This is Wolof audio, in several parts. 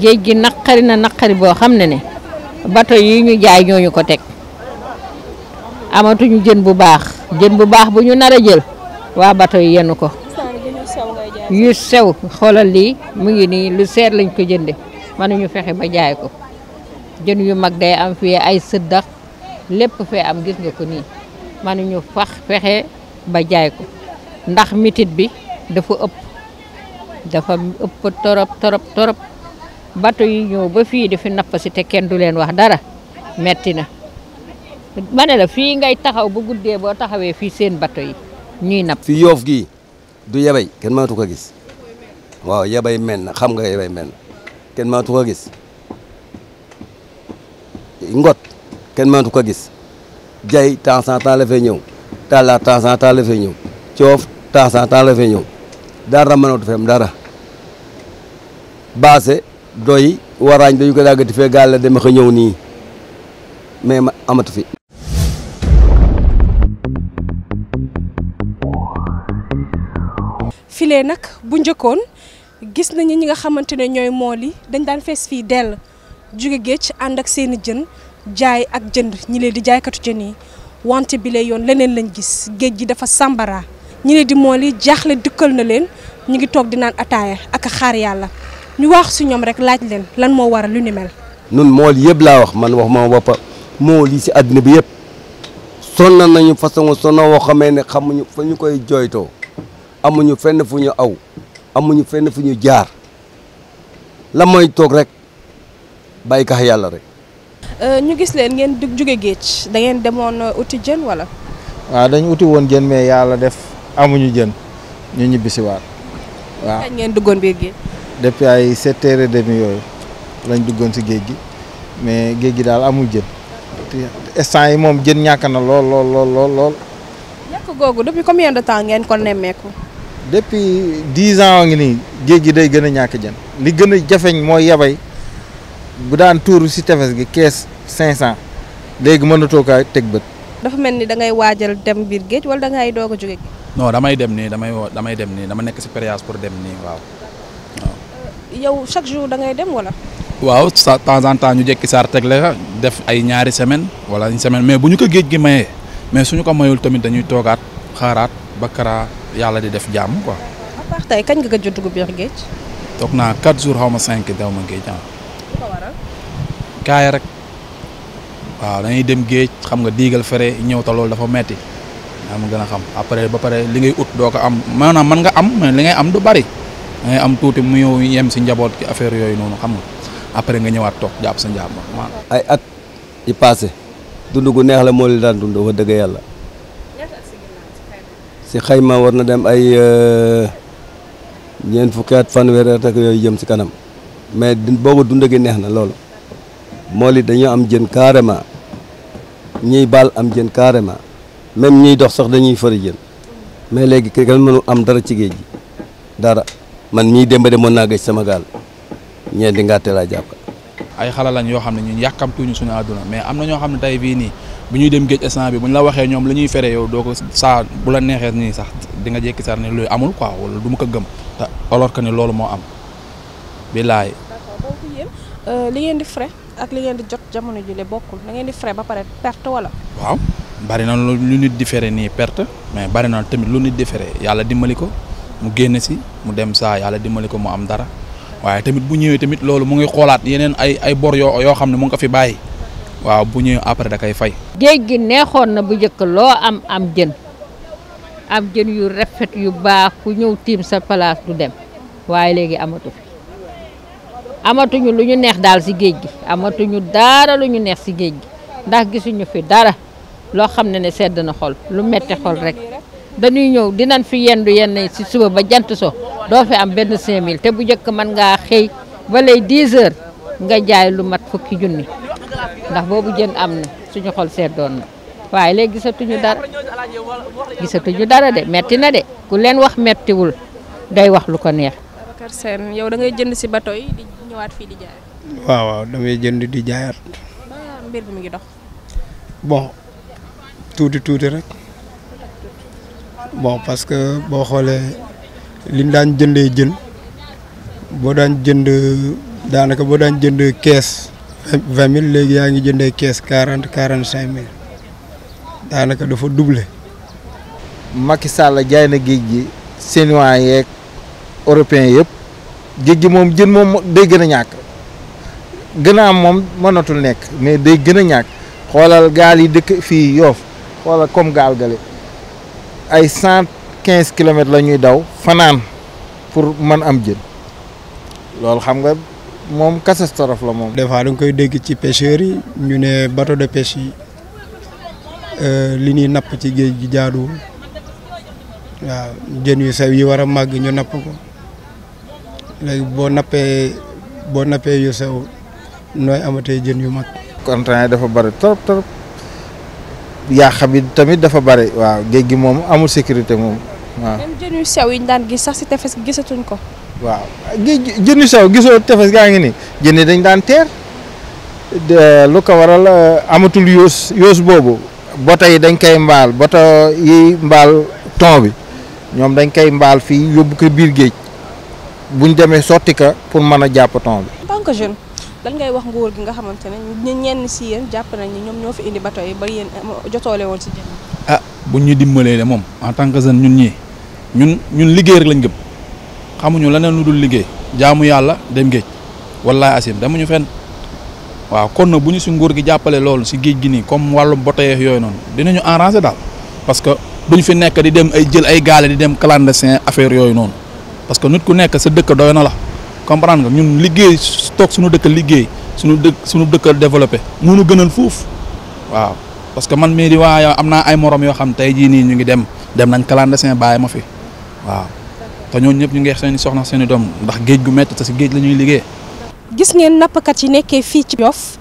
géej gi naqari na naqari boo xam ne ne bato yi ñu jaay ñooñu ko teg amatuñu jën bu baax jën bu baax bu ñu nar jël waa bato yi yenn ko yu sew xoolal lii mu ngi nii lu seer lañ ko jënde mënuñu fexe ba jaay ko jën yu mag day am fii ay sëddax lépp fee am gis nga ko nii mënuñu fax fexe ba jaay ko ndax mitit bi dafa ëpp dafa ëpp torop torop bato yi ñëw ba fii di fi napp si te kenn du leen wax dara metti na ma ne la fii ngay taxaw bu guddee boo taxawee fii seen bato yi ñuy napp. fii yoof gi du yabay kenn mënatu ko gis waaw yabay mel na xam nga yabay mel na kenn mënatu ko gis ngot kenn mënatu ko gis jay temps en temps la fay ñëw talla temps en la fay ñëw coof temps en temps la fay ñëw dara mënatu fem dara baase. doy waraañ dañu ko daggati fee gaal la deme ko ñëw nii mais ma amatu fi filee nag bu njëkkoon gis nañu ñi nga xamante ne ñooy mool yi dañ daan fees fii dell jóge géej ànd ak seeni jën jaay ak jënd ñi leen di jaaykatu jën yi wante bi lay yoon leneen lañ gis géej gi dafa sàmbara ñi leen di mool jaaxle dëkkal na leen ñu ngi toog di naan ataaya ak xaar yàlla ñu wax si ñoom rek laaj leen lan moo waral lu ni mel. nun mool yëpp laa wax man wax ma boppa mool yi si àddina bi yëpp sonna nañu façon sonna woo xamee ne xamuñu fa ñu koy jooytoo amuñu fenn fu ñu aw amuñu fenn fu ñu jaar la mooy toog rek bàyyi kax yàlla rek. Euh, ñu gis leen ngeen dug jóge géej da ngeen demoon euh, uti jën wala. waaw dañ uti woon jën mais yàlla def amuñu jën ñu ñibbisiwaat waaw. ngeen duggoon biir géej. depuis ay sept heures et demi yooyu lañ duggoon si géej gi mais géej gi daal amul jën instant yi moom jën ñàkk na lool lool lool lool lool. ñàkk googu depuis combien de temps ngeen ko nemmeeku. depuis dix ans ngi nii géej gi day gën a ñàkk jën li gën a jafeñ mooy yabay bu daan tuuru si tefes gi kees cinq cent léegi mënatoo kaa teg bët. dafa mel ni da ngay waajal dem biir géej wala da ngay doog a jóge. noo damay dem nii damay damay dem nii dama nekk si période pour dem nii waaw. yow chaque jour da dem wala. waaw sa temps en temps ñu jekki saar teg la def ay ñaari semaine wala semaine mais bu ñu ko géej gi mayee mais suñu ko mayul tamit dañuy toogaat xaaraat ba kara yàlla di def jàmm quoi. à kañ nga gëj a dugg biir géej. toog naa 4 jours xaw ma 5 daw ma géej ah. ko kaay rek. waaw dañuy dem géej xam nga diigal fere ñëw loolu dafa metti yaa ma gën a xam après ba pare li ngay ut doo ko am maanaam mën nga am mais li ngay am du bari ngay eh, am touti muyo yem ci njabot ki affaire yoy nonu xam nga après nga ñëwaat tok japp sa njaam ay at yi passé dundu gu neex la mo li daan dundu wa deug yalla ci xayma war na dem ay euh, ñeen fu kat fan wéré tak yoy yem ci kanam mais boobu dundu gi neex na lool mo li dañu am jën carrément ñi bal am jën carrément même ñi dox sax dañuy fëri jën mais légui kégal mënu am dara ci dara man mii démb de mën naa gëj sama gaal ñeent di ngàtte laa jàpp. ay xala yoo xam ne ñun ñu suñu àdduna mais am na ñoo xam ne tey bii nii bu ñuy dem géej instant bi bu ñu la waxee ñoom la ñuy fere yow doo ko saa bu la neexee nii sax di nga jékki sar ne loolu amul ko wala du ma ko gëm te alors que ni loolu moo am billaay. Euh, li ngeen di frais ak li ngeen di jot jamono jule bokkul da ngeen di frais ba pare perte wala. waaw bari na lu nit di fere nii perte mais bari na tamit lu nit yàlla dimbali ko. mu génn si mu dem sa yalla dimbali ko mu am dara waye tamit bu ñëwee tamit loolu mu ngi xolaat yenen ay ay bor yo yo xam ne mu ngi ko fi bayyi waaw bu ñëwee après da kay fay. géej gi neexon na bu jëk lo am am jën am jën yu rafet yu baax ku ñëw tim sa place du dem waye legi amatu fi ñu lu ñu neex dal si géej gi ñu dara lu neex si géej gi ndax gisunu fi dara lo ne ne sedd na xol lu metti xol rek. dañuy ñëw dinañ fi yendu yenn si suba ba jant so doo fi am benn 5000 te bu njëkk man ngaa xëy ba lay 10 heures nga jaay lu mat fukki junni ndax boobu jën am na suñu xol seddoon na waaye léegi gisatuñu dara gisatuñu dara de metti na de ku leen wax mettiwul day wax lu ko neex. Babacar yow da ngay jënd si bateau yi ñëwaat fii di jaay. waaw waaw damay jënd di jaayaat. mbir ngi dox. bon tuuti tuuti rek. bon parce que boo xoolee liñ daan jëndee jën boo daan jënd daanaka boo daan jënd kees vingt mille léegi yaa ngi jëndee kees quarante quarante cinq mille daanaka dafa doublé. Macky Sall jaay na géej gi chinois yeeg européen yëpp géej gi moom jën moom day gën a ñàkk gën a am moom mënatul nekk mais day gën a ñàkk xoolal gaal yi dëkk fii Yoff xoolal comme gaal gale ay cent quinze kilomètres la ñuy daw fanaan pour mën am jën loolu xam nga moom catastrophe la moom. des fois da koy dégg ci pêcheurs yi ñu ne bateau de pêche yi euh, li ñuy napp ci géej gi jaaduwul waaw jën yu sew yi war a màgg ñu napp ko léegi boo nappee boo nappee yu sew nooy amatee jën yu mag. contraintes yi dafa bari trop trop. yaa xam it tamit dafa bari waaw géej gi moom amul sécurité moom waaw. même jën yu sew yi ñu daan gis sax si tefes gi gisatuñ ko. waaw géej jën yu sew gisoo tefes gaa ngi ni jën yi dañ daan teer lu ko waral eh, amatul yoos yoos boobu bota yi dañ koy mbaal bota yi mbaal ton bi ñoom dañ koy mbaal fii yóbbu ko biir géej buñ demee sotti ka pour mën a jàpp ton bi. lan ngay wax nguur gi nga xamante ne ñu ñenn si yéen jàpp nañ ñoom ñoo fi indi bato yi ba yéen eh, jotoole woon si jën a ah, bu ñu dimbalee de moom en tant que jeune ñun ñii ñun ñun liggéey rek lañ gëm xamuñu leneen lu dul liggéey jaamu yàlla dem géej wallaay asim ñu fenn waaw kon na bu ñu si nguur gi jàppale loolu si géej gi nii comme wàllu bato yeex yooyu noonu dinañu arranger daal parce que duñ fi nekk di dem ay jël ay gaale di dem clandestin affaire yooyu noonu parce que nit ku nekk sa dëkk doy na la comprendre nga ñun liggéey toog suñu dëkk liggéey suñu dëkk suñu dëkk développé munu gënal fuuf waaw parce que man mii di waa am ay morom xam ñu ngi dem dem nañ clandestin bàyyi ma fi waaw te ñooñu ñëpp ñu ngi seen soxna seen dom ndax géej gu métti te si géej la ñuy liggéey gis ngeen nappkat yi nekkee fii ci yof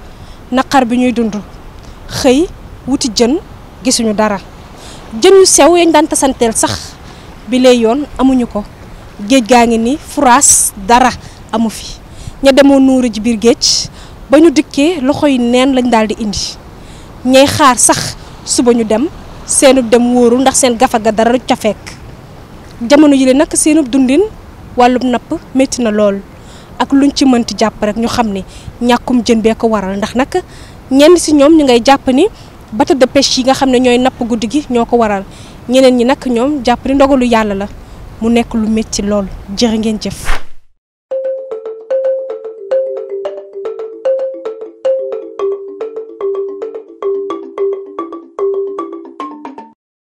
naqar bi ñuy wuti jën gisuñu dara jën yu sew yañ daan tasanteel sax bi lay yoon amuñu ko géej gaa ni dara amu fi ña demoo nuuru ji biir géej ba ñu dikkee loxo yi neen lañ daal di indi ñay xaar sax suba ñu dem seenu dem wóorul ndax seen gafa ga dara ca fekk jamono yi nag seenub dundin wàllum napp metti na lool ak luñ ci mënti jàpp rek ñu xam ne ñàkkum jën bee ko waral ndax nag ñenn si ñoom ñu ngay jàpp ni bateau de yi nga xam ne ñooy napp guddi gi ñoo ko waral ñeneen ñi nag ñoom jàpp ni ndogalu yàlla la mu nekk lu métti lool jërë ngeen jëf.